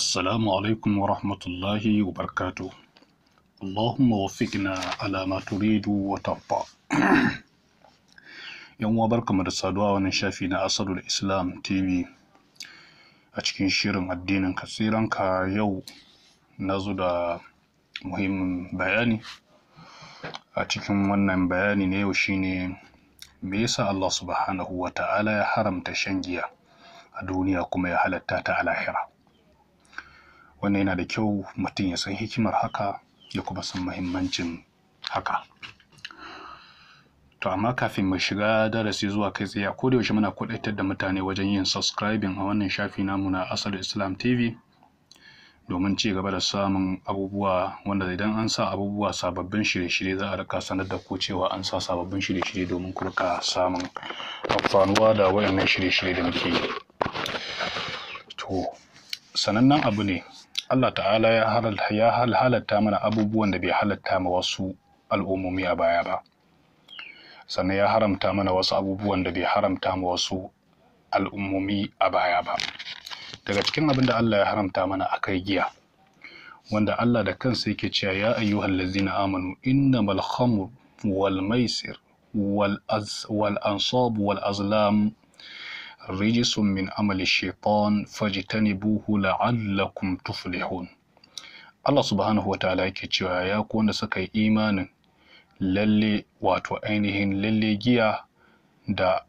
Assalamu alaikum wa rahmatullahi wa barkatu. Allahumma waffiqna ala ma turidu wa tabba. Yan uwa barkamu saduwa wannan shafi na Asadul Islam TV. A cikin shirin addinin katsiranka yau na zo da muhimmin bayani. A cikin wannan bayani na yau shine me yasa Allah subhanahu ya haramta shan giya a duniya kuma ya halatta ta a lahira. wannan yana da kyau mutum ya san hikimar haka ya kuma san mahimmancin haka to amma kafin mu shiga darasi zuwa kai tsaye a yaushe muna kudaitar da mutane wajen yin subscribing a wannan shafi namu na asar islam tv domin ci gaba da samun abubuwa wanda idan an sa abubuwa sababbin shirye-shirye za a rika sanar da ku cewa an sa sababbin shirye-shirye domin ku rika samun amfanuwa da wayannan shirye-shirye da muke yi to sanannen abu ne Allah ta'ala ya halatta mana abubuwan da bai halatta ma wasu al'ummomi a baya ba sannan ya haramta mana wasu abubuwan da bai haramta ma wasu al'ummomi a baya ba daga cikin abin da Allah ya haramta mana akai giya wanda Allah da kansa yake cewa ya ayyuhal ladzina amanu innamal khamr wal maisir wal az wal ansab wal azlam rijisun min amali shaitan fajtanibuhu la'allakum tuflihun Allah subhanahu wa ta'ala yake cewa ya ku wanda suka yi imanin lalle wato ainihin lalle giya da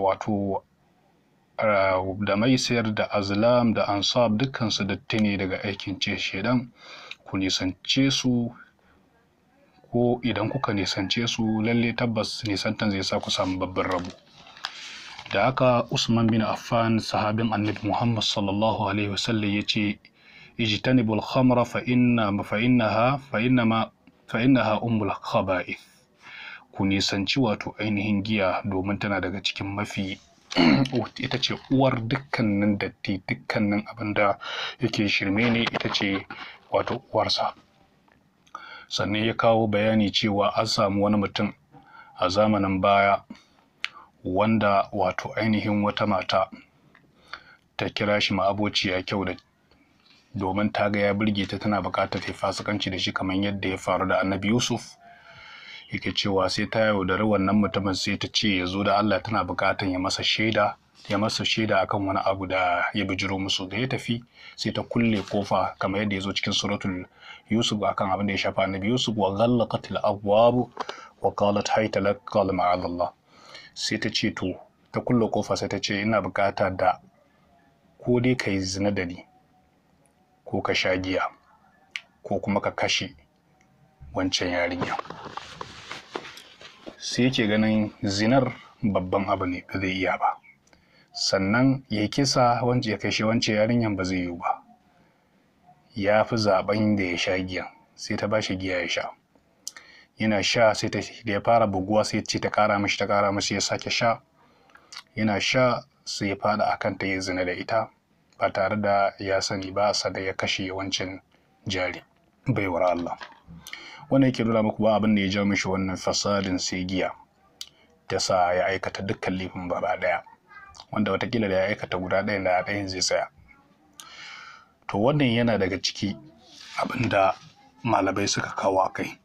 wato da mai sayar da azlam da ansab dukkansu datti ne daga aikin ce shedan ku nisance su ko idan kuka nisance su lalle tabbas nisantan zai sa ku samu babban rabo da haka usman bin affan sahabin annabi muhammad sallallahu alaihi wasallam ya ce ijtanibul khamra fa inna fa innaha fa ma fa innaha ummul khaba'ith ku nisanci wato ainihin giya domin tana daga cikin mafi ita ce uwar dukkanin datti dukkanin abin da yake shirme ne ita ce wato uwarsa sannan ya kawo bayani cewa an samu wani mutum a zamanin baya wanda wato ainihin wata mata ta kira shi ya kyau da domin ta ga ya burge ta tana bukatar ta fasikanci da shi kamar yadda ya faru da annabi yusuf yake cewa sai ta yaudari wannan mutumin sai ta ce ya zo da allah tana buƙatar ya masa shaida ya masa shaida akan wani abu da ya bijiro musu da ya tafi sai ta kulle kofa kamar yadda ya zo cikin suratul yusuf akan abin da ya shafa annabi yusuf wa ghallaqat al-abwab wa qalat hayta lak sai ta ce to ta kulle kofa sai ta ce ina bukata da ko dai ka yi zina da ni ko ka sha giya ko kuma ka kashe wancan yarinya sai yake ganin zinar babban abu ne ba zai iya ba sannan ya kisa wance ya kashe wancan yarinyan ba zai yiwu ba ya fi zaben da ya sha giyan sai ta ba shi giya ya sha yana sha sai ta da ya fara buguwa sai ce ta kara mashi ta kara mashi ya sake sha yana sha sai ya fada akan ta ya zina da ita ba tare da ya sani ba sada ya kashe yawancin jari baiwar Allah wannan yake nuna muku ba abin da ya ja mishi wannan fasadin sigiya giya ta sa ya aikata dukkan laifin ba daya wanda watakila da ya aikata guda ɗaya da ɗayan zai tsaya to wannan yana daga ciki abin da malamai suka kawo kai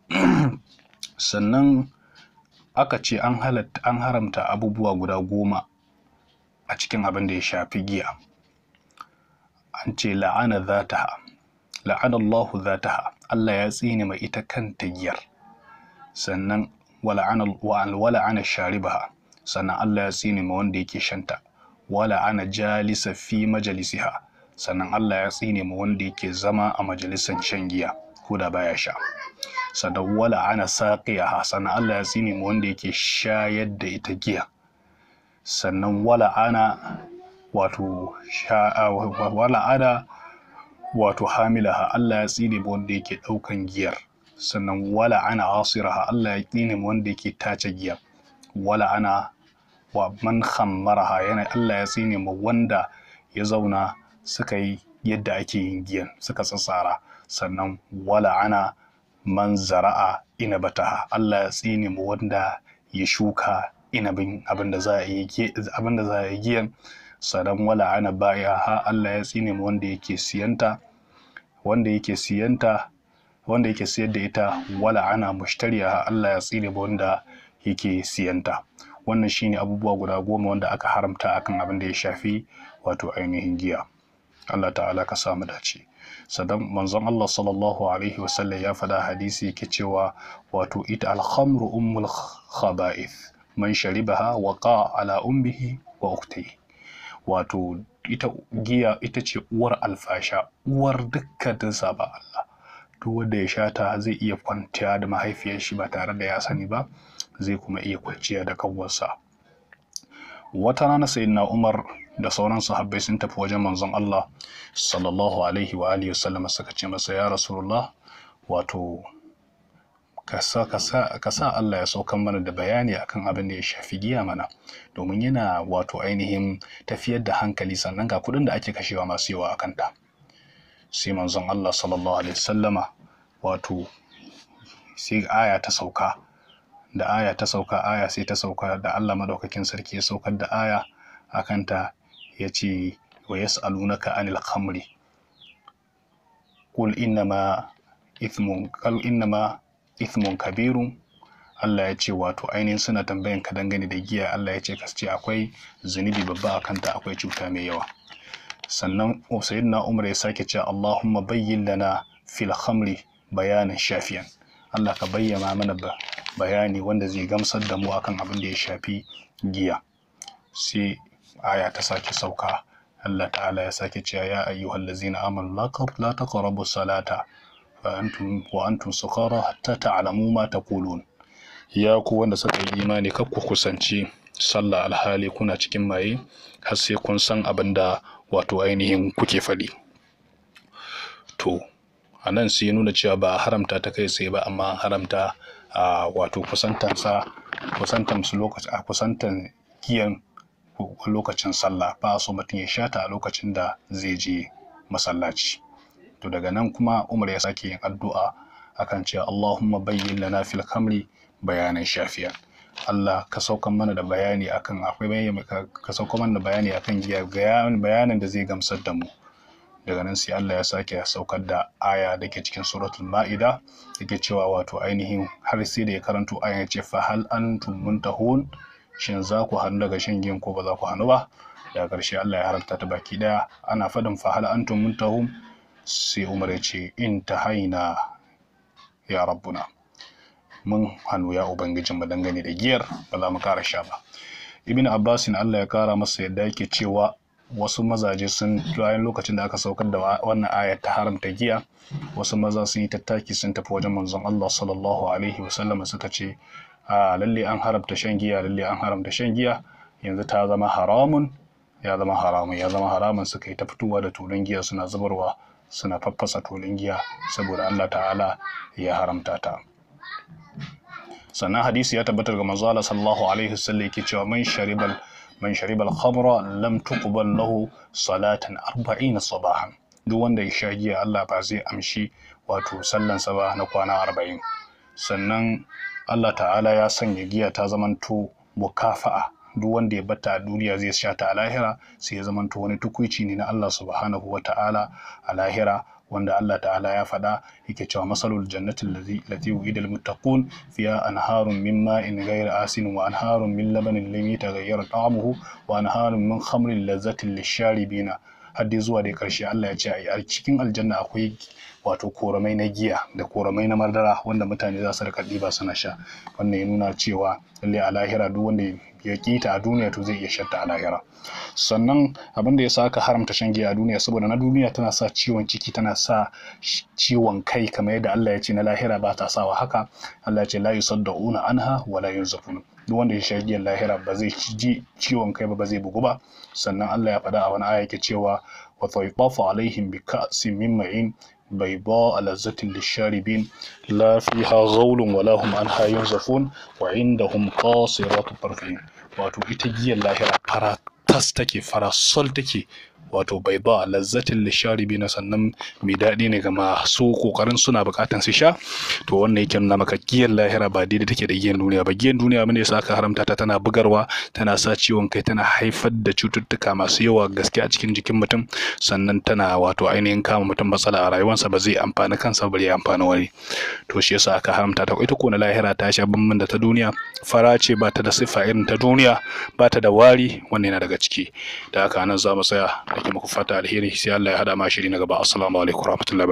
sannan aka ce an haramta abubuwa guda goma a cikin abin da ya shafi giya an ce la'ana ha la'ana Allahu ha Allah ya tsini mai ita kanta giyar sannan wala'ana sharibaha sannan Allah ya tsini ma wanda yake shanta wala'ana jalisa fi majalisiha sannan Allah ya tsini ma wanda yake zama a majalisan shan giya ko da baya sha Sannan, wala ana a sannan Allah ya tsine mu wanda yake shayar da ita giya sannan wala ana wato wala ana wato hamilaha Allah ya tsine mu wanda yake daukan giyar sannan wala ana asiraha Allah ya tsine mu wanda yake tace giya wala ana wa man khammaraha yana Allah ya tsine mu wanda ya zauna suka yi yadda ake yin giyan suka tsatsara sannan wala ana man zara'a inabataha Allah ya tsine mu wanda ya shuka inabin abinda za a za a yi giyan Sadan, wala ana baya ha Allah ya tsine mu wanda yake siyanta wanda yake siyanta wanda yake siyar da ita wala ana mushtariya Allah ya tsine mu wanda yake siyanta wannan shine abubuwa guda goma wanda aka haramta akan abin da ya shafi wato ainihin giya Allah ta'ala ka samu dace sadan manzon Allah sallallahu alaihi wasallam ya faɗa hadisi yake cewa wato ita alhamru ummul khaba'ith man sharibaha waqa ala ummihi wa wato ita giya ita ce uwar alfasha uwar dukkanin saba Allah duk wanda ya sha ta zai iya kwanciya da mahaifiyar shi ba tare da ya sani ba zai kuma iya kwanciya da kanwarsa wata rana sayyidina Umar da sauran sahabbai sun tafi wajen manzon Allah sallallahu alaihi wa alihi wasallam suka ce masa ya rasulullah wato ka sa Allah ya saukan mana da bayani akan abin da ya shafi giya mana domin yana wato ainihin tafiyar da hankali sannan ga kuɗin da ake kashewa masu yawa akan ta sai manzon Allah sallallahu alaihi wasallama wato sai aya ta sauka da aya ta sauka aya sai ta sauka da Allah madaukakin sarki ya saukar da aya akanta ya ce wa yas'alunaka anil khamri qul innama ithmun qal innama kabirun Allah ya ce wato ainihin suna tambayan ka dangane da giya Allah ya ce ka ce akwai zunubi babba a kanta akwai cuta mai yawa sannan sayyidina Umar ya sake ce Allahumma bayyin lana fil khamri bayanan shafiyan Allah ka bayyana mana bayani wanda zai gamsar da mu akan abin da ya shafi giya sai aya ta sake sauka Allah ta'ala ya sake cewa ya ayyuhal ladzina amanu la taqrabu salata fa antum wa antum sukara hatta ta'lamu ma taqulun ya ku wanda suka yi imani kar ku kusanci sallah alhali kuna cikin maye har sai kun san abin da wato ainihin kuke faɗi to anan sai nuna cewa ba haramta ta kai sai ba amma haramta a wato kusantansa kusantansu lokaci a kusantan giyan lokacin sallah ba a so mutum ya sha ta a lokacin da zai je masallaci to daga nan kuma Umar ya sake yin addu'a akan ce, Allahumma bayyin lana fil kamri bayanan shafiya Allah ka sauka mana da bayani akan akwai ka sauka mana da bayani akan bayanin da zai gamsar da mu daga nan sai Allah ya sake saukar da aya da ke cikin suratul ma'ida da cewa wato ainihin har sai da ya karanto aya ce fa hal antum muntahun shin za ku hannu daga shan giyan ko ba za ku hannu ba Da ƙarshe Allah ya haramta ta baki ɗaya ana faɗin fa hal antum muntahum sai Umar ya ce in ta haina ya rabbuna mun hannu ya ubangijin mu dangane da giyar ba za mu ƙara sha ba ibn abbasin Allah ya kara masa yadda yake cewa wasu mazaje sun bayan lokacin da aka saukar da wannan ayar ta haramta giya wasu maza sun yi tattaki sun tafi wajen manzon Allah sallallahu alaihi wasallam suka ce a lalle an haramta shan giya lalle an haramta shan giya yanzu ta zama haramun ya zama haramun ya zama haramun suka yi ta fitowa da tulun giya suna zubarwa suna faffasa tulun giya saboda Allah ta'ala ya haramta ta sannan hadisi ya tabbatar ga manzo Allah sallallahu alaihi wasallam yake cewa man sharibal man sharibal khamra lam tuqbal lahu salatan 40 sabahan duk wanda ya sha giya Allah ba zai amshi wato sallan ba na kwana 40 sannan Allah ta'ala ya sanya giya ta zamanto mukafa'a duk wanda ya bata duniya zai sha ta a lahira sai ya zamanto wani tukuici ne na Allah subhanahu wa ta'ala a lahira wanda Allah ta'ala ya faɗa yake cewa masalul jannatin lati yu'idu almuttaqun muttaqun fiha anharun min ma'in ghayri asin wa anharun min labanin lam yataghayyar ta'amuhu wa anharun min khamrin lazzatin lisharibina har dai zuwa dai ƙarshe Allah ya ce a cikin aljanna akwai wato koramai na giya da koramai na madara wanda mutane za su rika ɗiba suna sha wannan ya nuna cewa lallai a lahira duk wanda ya ƙi ta a duniya to zai iya shatta a lahira sannan abin da ya sa aka haramta shan giya a duniya saboda na duniya tana sa ciwon ciki tana sa ciwon kai kamar yadda Allah ya ce na lahira ba ta sawa haka Allah ya ce la yusaddauna anha wa la yunzafun duk wanda ya sha giyan lahira ba zai ji ciwon kai ba ba zai bugu ba sannan Allah ya faɗa a wani aya yake cewa wa tawqafu alaihim bi ka'sin min ma'in بيضاء لذة للشاربين لا فيها غول ولا هم عنها ينزفون وعندهم قاصرات الطرفين wato ita giyar lahira fara tas take fara sol take wato bai ba lazzatin lisharibi na sannan mai daɗi ne ga masu kokarin suna bukatan su sha to wannan yake nuna maka giyan lahira ba daidai take da giyan duniya ba giyan duniya mun yasa aka haramta ta tana bugarwa tana sa ciwon kai tana haifar da cututtuka masu yawa gaske a cikin jikin mutum sannan tana wato ainihin kama mutum matsala a rayuwarsa ba zai amfani kansa ba ya amfani wani to shi yasa aka haramta ta ita na lahira ta sha bamban da ta duniya fara ce ba ta da siffa irin ta duniya ba ta da wari wannan yana daga ciki da haka nan za mu tsaya ake muku fata alheri sai Allah ya hada ma shiri na gaba assalamu alaikum warahmatullahi